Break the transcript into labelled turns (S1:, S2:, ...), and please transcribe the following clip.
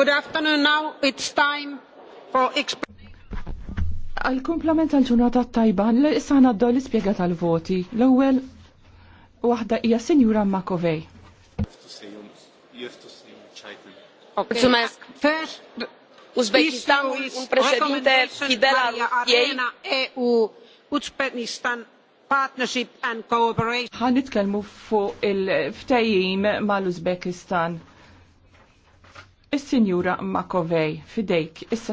S1: Good afternoon now, it's time for
S2: Għal-komplement għal-ġurnata tajba, issa għaddu l-ispiega tal-voti. L-ewel, wahda ija senjura Makovej.
S3: Mulțumesc.
S2: un
S4: fidel
S5: al
S6: EU, e Uzbekistan Partnership and Cooperation. Ħan nitkellmu fuq il-ftejjim mal-Uzbekistan Sinjura Makovej, fidejk, issa